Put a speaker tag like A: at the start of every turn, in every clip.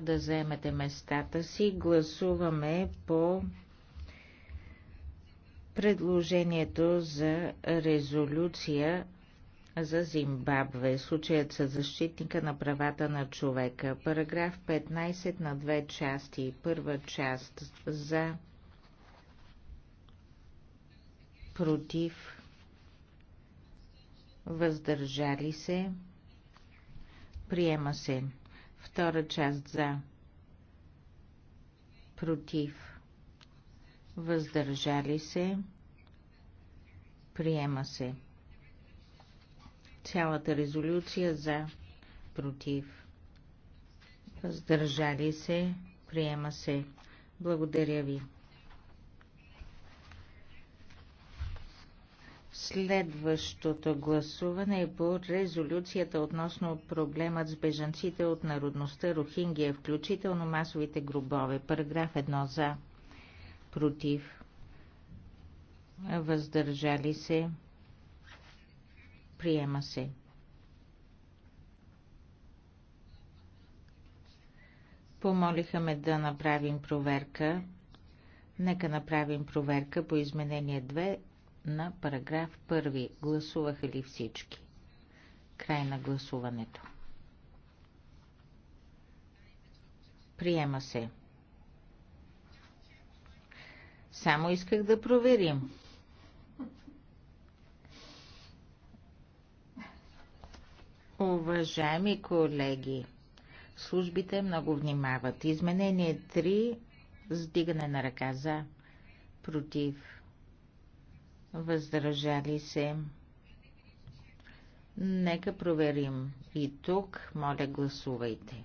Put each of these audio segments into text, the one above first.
A: да заемете местата си. Гласуваме по предложението за резолюция за Зимбабве. Случаят с защитника на правата на човека. Параграф 15 на две части. Първа част за против въздържали се. Приема се. Втора част за. Против. Въздържали се. Приема се. Цялата резолюция за. Против. Въздържали се. Приема се. Благодаря ви. Следващото гласуване е по резолюцията относно проблемът с бежанците от народността Рохингия, включително масовите гробове. Параграф 1 за, против, въздържали се, приема се. Помолиха ме да направим проверка. Нека направим проверка по изменение 2 на параграф 1. Гласуваха ли всички? Край на гласуването. Приема се. Само исках да проверим. Уважаеми колеги, службите много внимават. Изменение 3 сдигане на ръка за, против, въздържали се. Нека проверим. И тук, моля, гласувайте.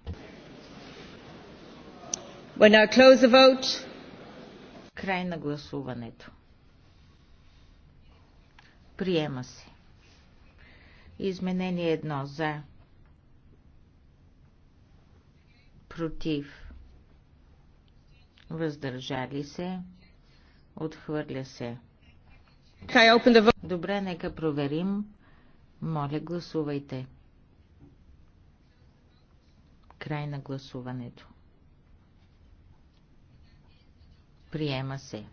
A: close the vote. Край на гласуването. Приема се. Изменение едно за. Против. Въздържали се. Отхвърля се. Добре, нека проверим. Моля, гласувайте. Край на гласуването. Приема се.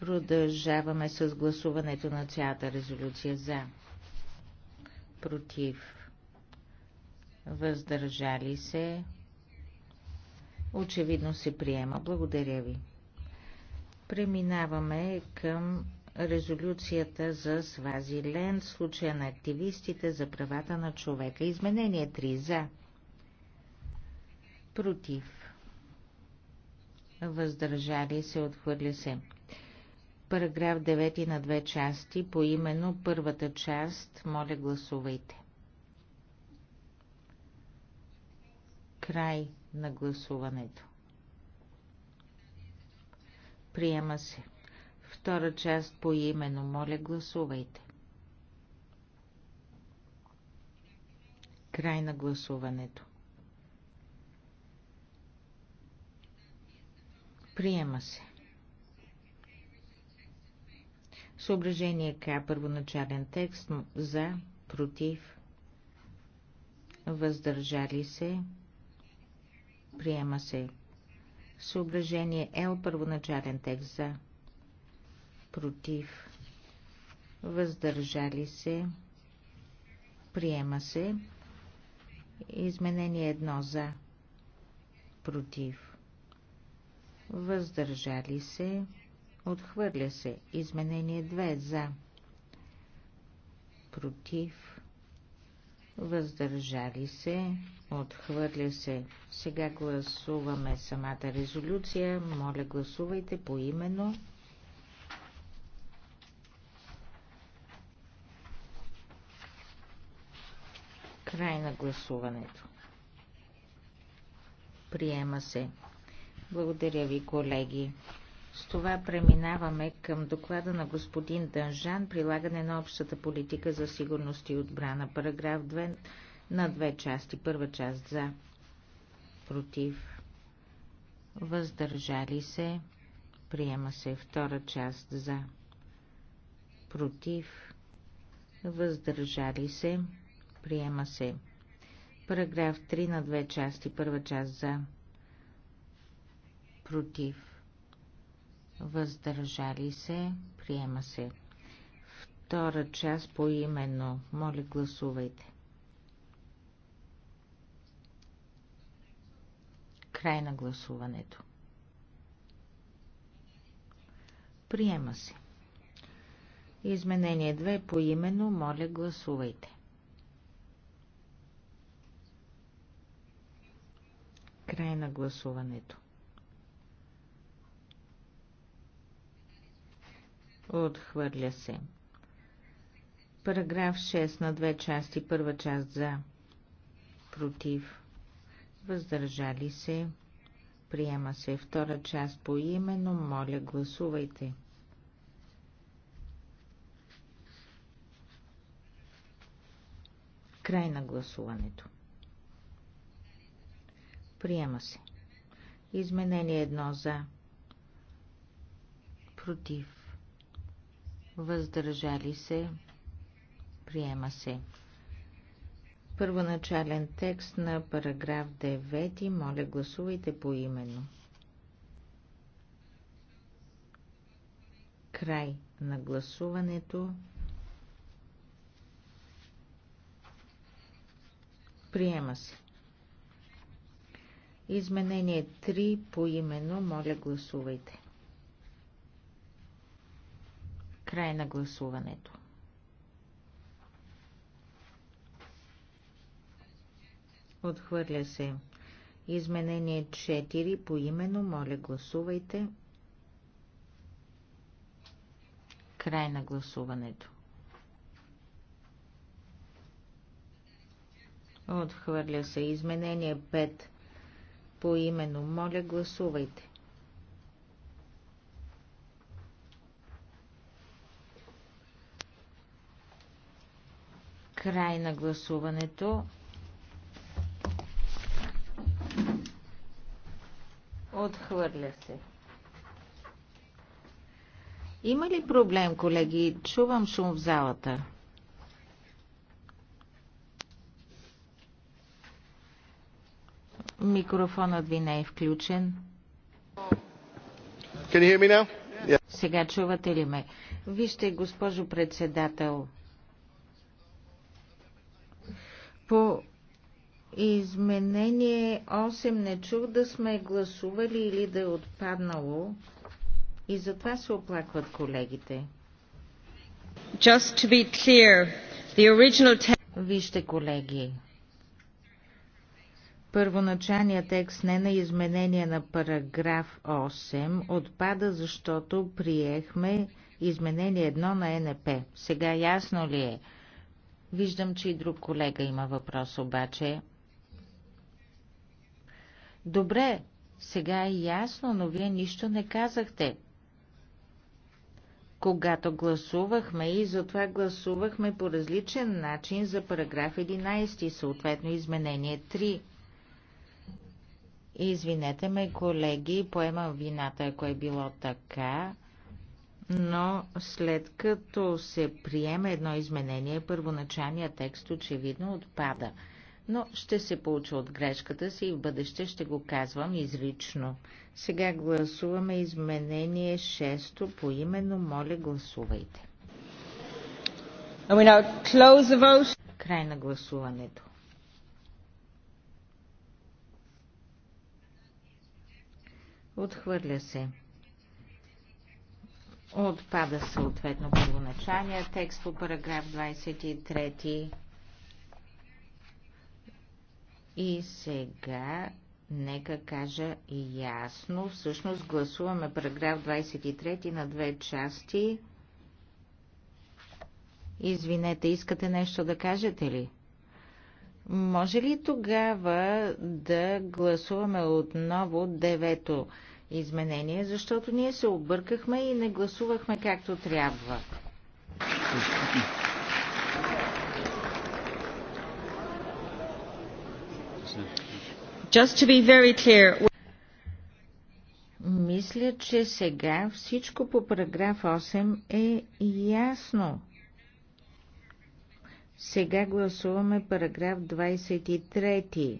A: Продължаваме с гласуването на цялата резолюция за. Против. Въздържали се. Очевидно се приема. Благодаря ви. Преминаваме към резолюцията за Свазиленд, случая на активистите за правата на човека. Изменение 3 за. Против. Въздържали се, отхвърли се. Параграф 9 на две части, по именно първата част, моля гласувайте. Край на гласуването. Приема се. Втора част по имено Моля, гласувайте. Край на гласуването. Приема се. Съображение К. Първоначален текст за, против, въздържали се. Приема се. Съображение Л, първоначален текст за, против, въздържали се, приема се. Изменение 1 за, против, въздържали се, отхвърля се. Изменение 2 за, против, въздържали се, отхвърля се. Сега гласуваме самата резолюция. Моля, гласувайте по именно. Край на гласуването. Приема се. Благодаря ви, колеги. С това преминаваме към доклада на господин Дънжан, прилагане на общата политика за сигурност и отбрана. Параграф 2 на две части. Първа част за, против, въздържали се, приема се. Втора част за, против, въздържали се, приема се. Параграф 3 на две части. Първа част за, против, въздържали се, приема се. Втора част по именно. Моля, гласувайте. Край на гласуването. Приема се. Изменение 2 по именно. Моля, гласувайте. Край на гласуването. Отхвърля се. Параграф 6 на две части. Първа част за. Против. Въздържали се. Приема се втора част по именно. Моля, гласувайте. Край на гласуването. Приема се. Изменение едно за. Против въздържали се, приема се. Първоначален текст на параграф 9. Моля, гласувайте по именно. Край на гласуването. Приема се. Изменение 3 по именно. Моля, гласувайте. Край на гласуването. Отхвърля се. Изменение 4 по имено, Моля, гласувайте. Край на гласуването. Отхвърля се. Изменение 5 по имено Моля, гласувайте. Край на гласуването. Отхвърля се. Има ли проблем, колеги? Чувам шум в залата. Микрофонът ви не е включен. Yeah. Сега чувате ли ме? Вижте, госпожо председател, по изменение 8 не чух да сме гласували или да е отпаднало и затова се оплакват колегите. Just to be clear, the original... Вижте, колеги, Първоначалният текст не на изменение на параграф 8 отпада, защото приехме изменение 1 на НП. Сега ясно ли е? Виждам, че и друг колега има въпрос обаче. Добре, сега е ясно, но вие нищо не казахте. Когато гласувахме и затова гласувахме по различен начин за параграф 11, съответно изменение 3. Извинете ме, колеги, поемам вината, ако е било така но след като се приеме едно изменение, първоначалният текст очевидно отпада. Но ще се получа от грешката си и в бъдеще ще го казвам изрично. Сега гласуваме изменение 6 по именно. Моля, гласувайте. Край на гласуването. Отхвърля се. Отпада съответно първоначалния текст по параграф 23. И сега нека кажа ясно. Всъщност гласуваме параграф 23 на две части. Извинете, искате нещо да кажете ли? Може ли тогава да гласуваме отново девето? изменение, защото ние се объркахме и не гласувахме както трябва. Just to be very clear, мисля, че сега всичко по параграф 8 е ясно. Сега гласуваме параграф 23.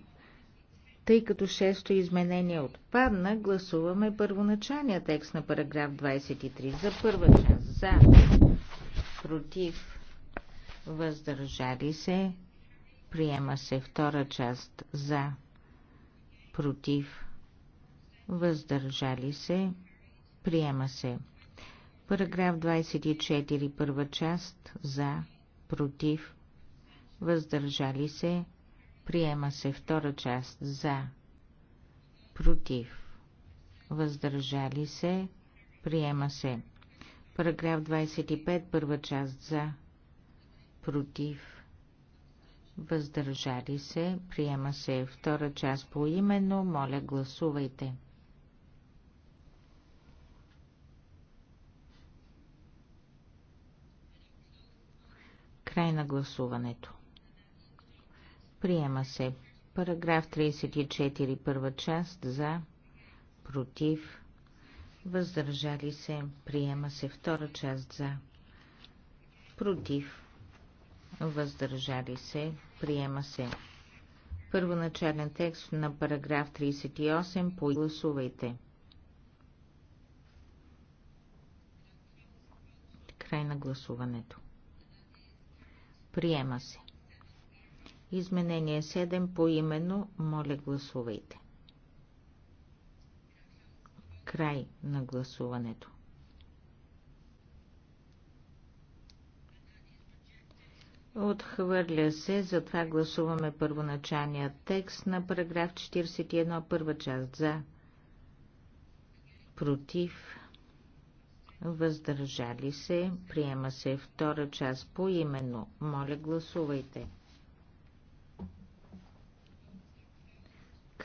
A: Тъй като шесто изменение отпадна, гласуваме първоначалния текст на параграф 23 за първа част за, против, въздържали се, приема се втора част за, против, въздържали се, приема се. Параграф 24, първа част за, против, въздържали се, Приема се втора част за. Против. Въздържали се. Приема се. Параграф 25, първа част за. Против. Въздържали се. Приема се втора част по именно. Моля, гласувайте. Край на гласуването. Приема се. Параграф 34, първа част за, против, въздържали се. Приема се втора част за, против, въздържали се. Приема се. Първоначален текст на параграф 38. Погласувайте. Край на гласуването. Приема се. Изменение 7 по именно. Моля, гласувайте. Край на гласуването. Отхвърля се, затова гласуваме първоначалния текст на параграф 41, първа част за, против, въздържали се, приема се втора част по именно. Моля, гласувайте.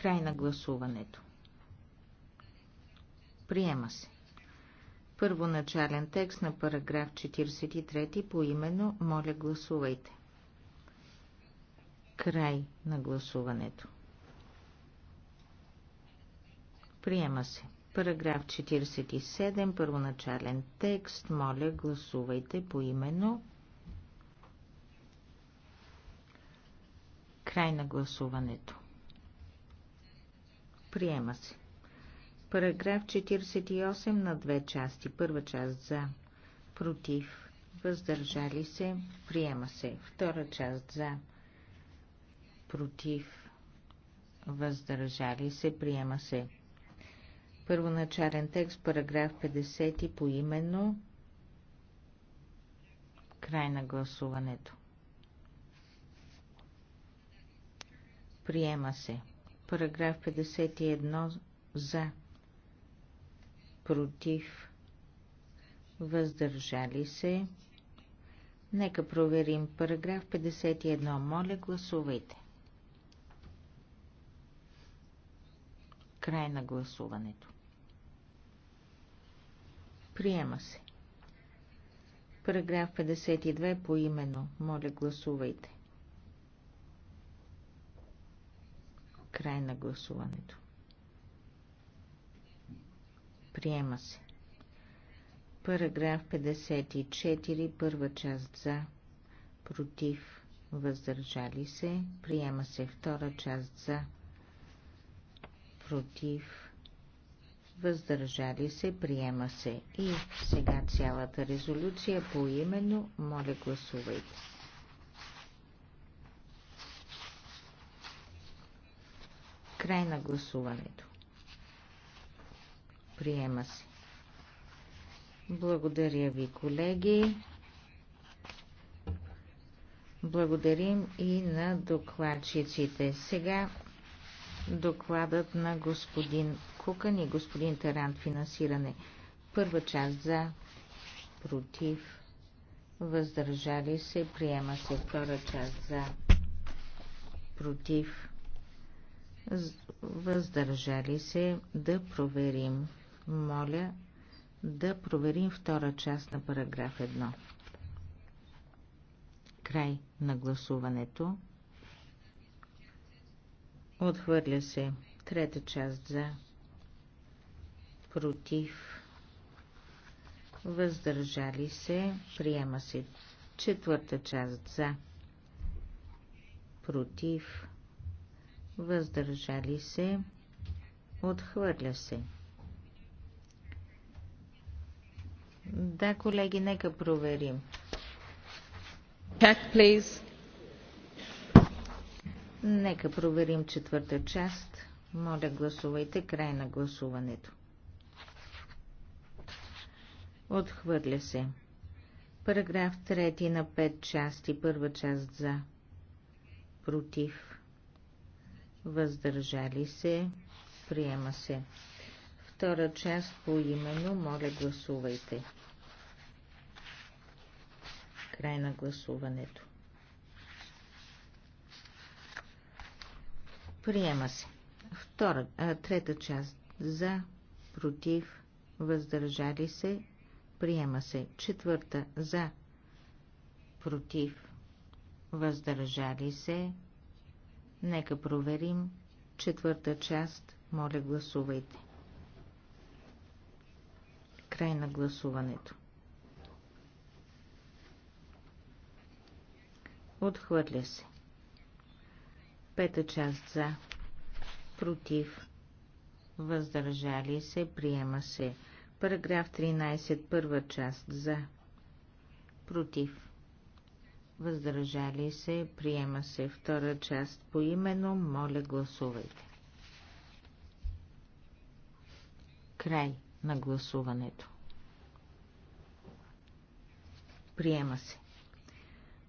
A: Край на гласуването. Приема се. Първоначален текст на параграф 43 по именно моля гласувайте. Край на гласуването. Приема се. Параграф 47, първоначален текст. Моля, гласувайте по именно. Край на гласуването. Приема се. Параграф 48 на две части. Първа част за, против, въздържали се, приема се. Втора част за, против, въздържали се, приема се. Първоначален текст, параграф 50 по именно. Край на гласуването. Приема се. Параграф 51 за. Против. Въздържали се. Нека проверим параграф 51. Моля, гласувайте. Край на гласуването. Приема се. Параграф 52 по именно. Моля, гласувайте. Край на гласуването. Приема се. Параграф 54, първа част за, против, въздържали се. Приема се втора част за, против, въздържали се. Приема се. И сега цялата резолюция по именно, моля гласувайте. Край на гласуването. Приема се. Благодаря ви, колеги. Благодарим и на докладчиците. Сега докладът на господин Кукан и господин Тарант финансиране. Първа част за против въздържали се, приема се втора част за против въздържали се да проверим. Моля да проверим втора част на параграф 1. Край на гласуването. Отхвърля се трета част за против въздържали се приема се четвърта част за против въздържали се, отхвърля се. Да, колеги, нека проверим. Check, please. Нека проверим четвърта част. Моля, гласувайте край на гласуването. Отхвърля се. Параграф 3 на пет части. Първа част за. Против въздържали се, приема се. Втора част по именно, моля гласувайте. Край на гласуването. Приема се. Втора, а, трета част за, против, въздържали се, приема се. Четвърта за, против, въздържали се, Нека проверим четвърта част. Моля, гласувайте. Край на гласуването. Отхвърля се. Пета част за. Против. Въздържали се. Приема се. Параграф 13. Първа част за. Против въздържали се, приема се втора част по имено, моля гласувайте. Край на гласуването. Приема се.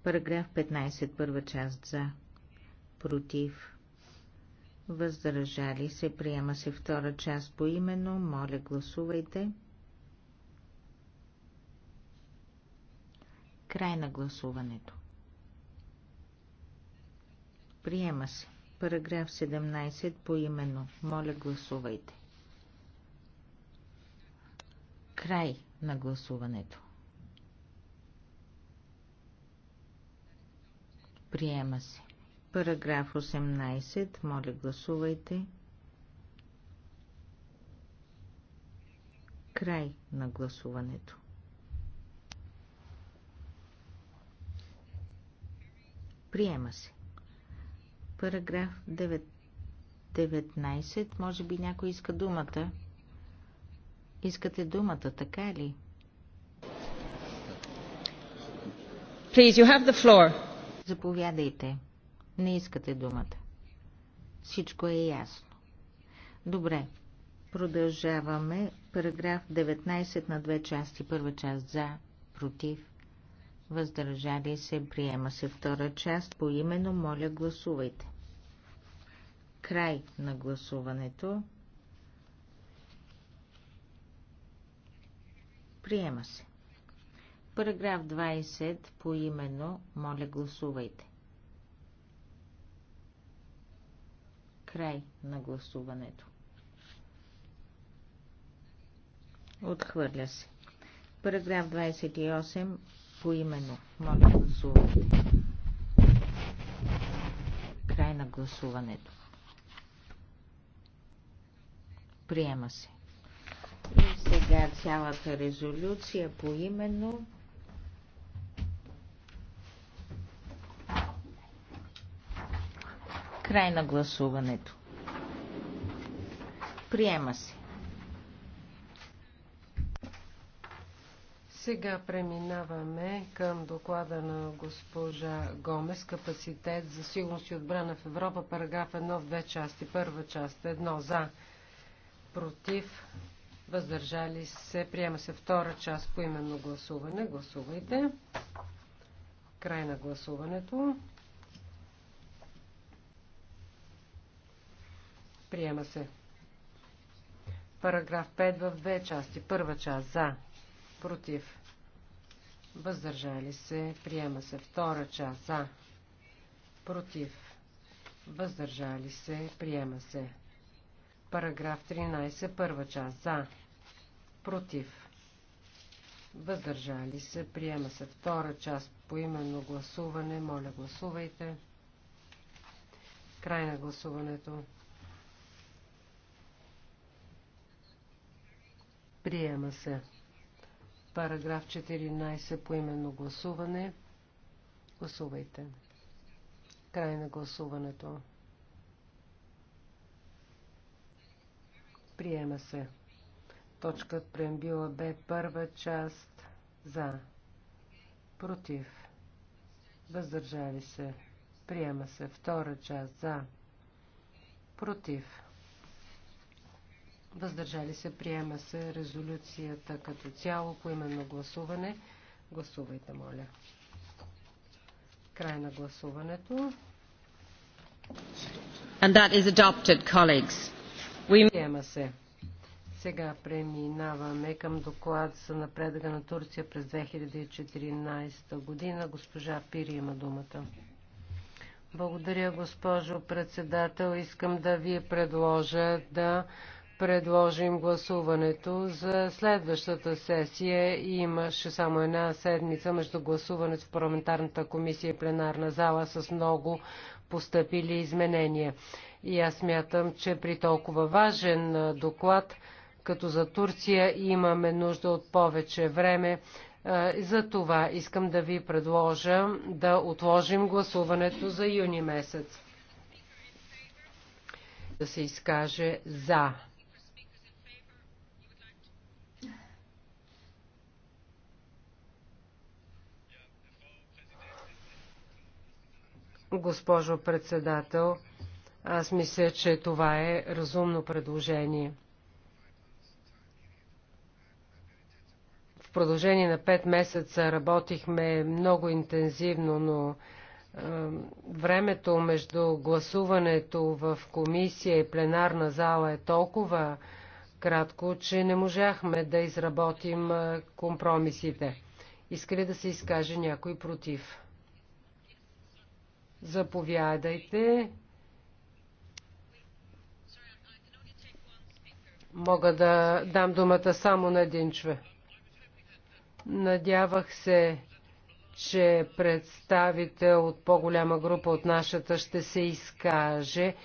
A: Параграф 15, първа част за, против, въздържали се, приема се втора част по именно, моля гласувайте. Край на гласуването. Приема се. Параграф 17 по именно. Моля, гласувайте. Край на гласуването. Приема се. Параграф 18. Моля, гласувайте. Край на гласуването. Приема се. Параграф 9, 19. Може би някой иска думата. Искате думата, така ли? Please, you have the floor. Заповядайте. Не искате думата. Всичко е ясно. Добре. Продължаваме. Параграф 19 на две части. Първа част за, против, въздържали се, приема се втора част, по именно моля гласувайте. Край на гласуването. Приема се. Параграф 20 по именно моля гласувайте. Край на гласуването. Отхвърля се. Параграф 28 поименно. Моля, гласувайте. Край на гласуването. Приема се. И сега цялата резолюция поименно. Край на гласуването. Приема се.
B: Сега преминаваме към доклада на госпожа Гомес Капацитет за сигурност и отбрана в Европа, параграф 1 в две части. Първа част едно за, против, въздържали се. Приема се втора част по именно гласуване. Гласувайте. Край на гласуването. Приема се. Параграф 5 в две части. Първа част за, против, въздържали се, приема се втора част за, против, въздържали се, приема се. Параграф 13, първа част за, против, въздържали се, приема се втора част по именно гласуване, моля гласувайте. Край на гласуването. Приема се. Параграф 14 по именно гласуване. Гласувайте. Край на гласуването. Приема се. Точка преамбила Б. Първа част. За. Против. Въздържали се. Приема се. Втора част. За. Против. Въздържали се, приема се резолюцията като цяло по именно гласуване. Гласувайте, моля. Край на гласуването.
A: And that is adopted, colleagues. We... Приема
B: се. Сега преминаваме към доклад за напредъка на Турция през 2014 година. Госпожа Пири има думата. Благодаря, госпожо председател. Искам да ви предложа да предложим гласуването за следващата сесия. Имаше само една седмица между гласуването в парламентарната комисия и пленарна зала с много постъпили изменения. И аз мятам, че при толкова важен доклад, като за Турция, имаме нужда от повече време. За това искам да ви предложа да отложим гласуването за юни месец да се изкаже за. госпожо председател. Аз мисля, че това е разумно предложение. В продължение на 5 месеца работихме много интензивно, но времето между гласуването в комисия и пленарна зала е толкова кратко, че не можахме да изработим компромисите. Иска ли да се изкаже някой против? Заповядайте. Мога да дам думата само на един човек. Надявах се, че представител от по-голяма група от нашата ще се изкаже.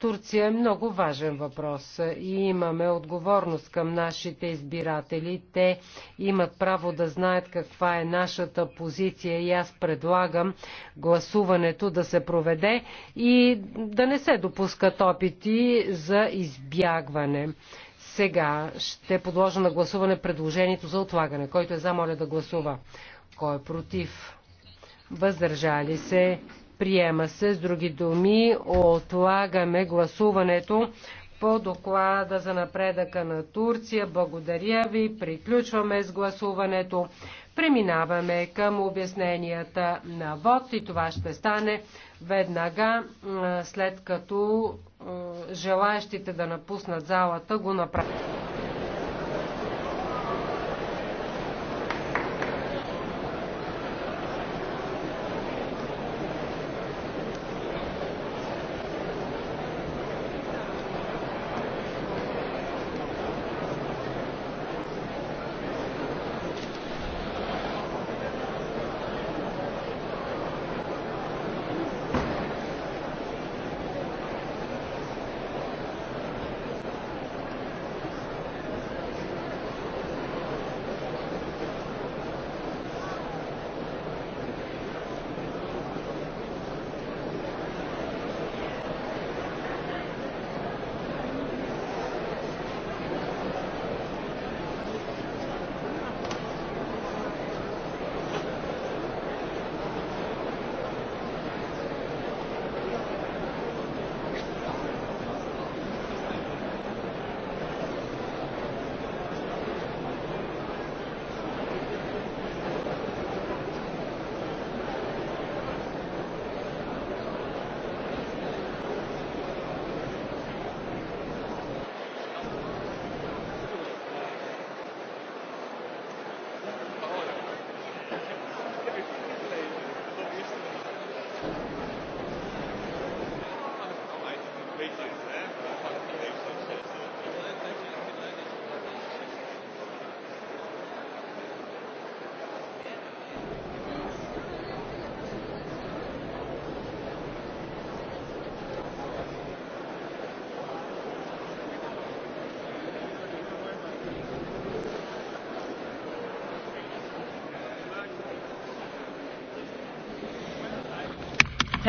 B: Турция е много важен въпрос и имаме отговорност към нашите избиратели. Те имат право да знаят каква е нашата позиция и аз предлагам гласуването да се проведе и да не се допускат опити за избягване. Сега ще подложа на гласуване предложението за отлагане. Който е за, моля да гласува. Кой е против? Въздържали се? Приема се, с други думи, отлагаме гласуването по доклада за напредъка на Турция. Благодаря ви. Приключваме с гласуването. Преминаваме към обясненията на ВОД и това ще стане веднага след като желаящите да напуснат залата го направят.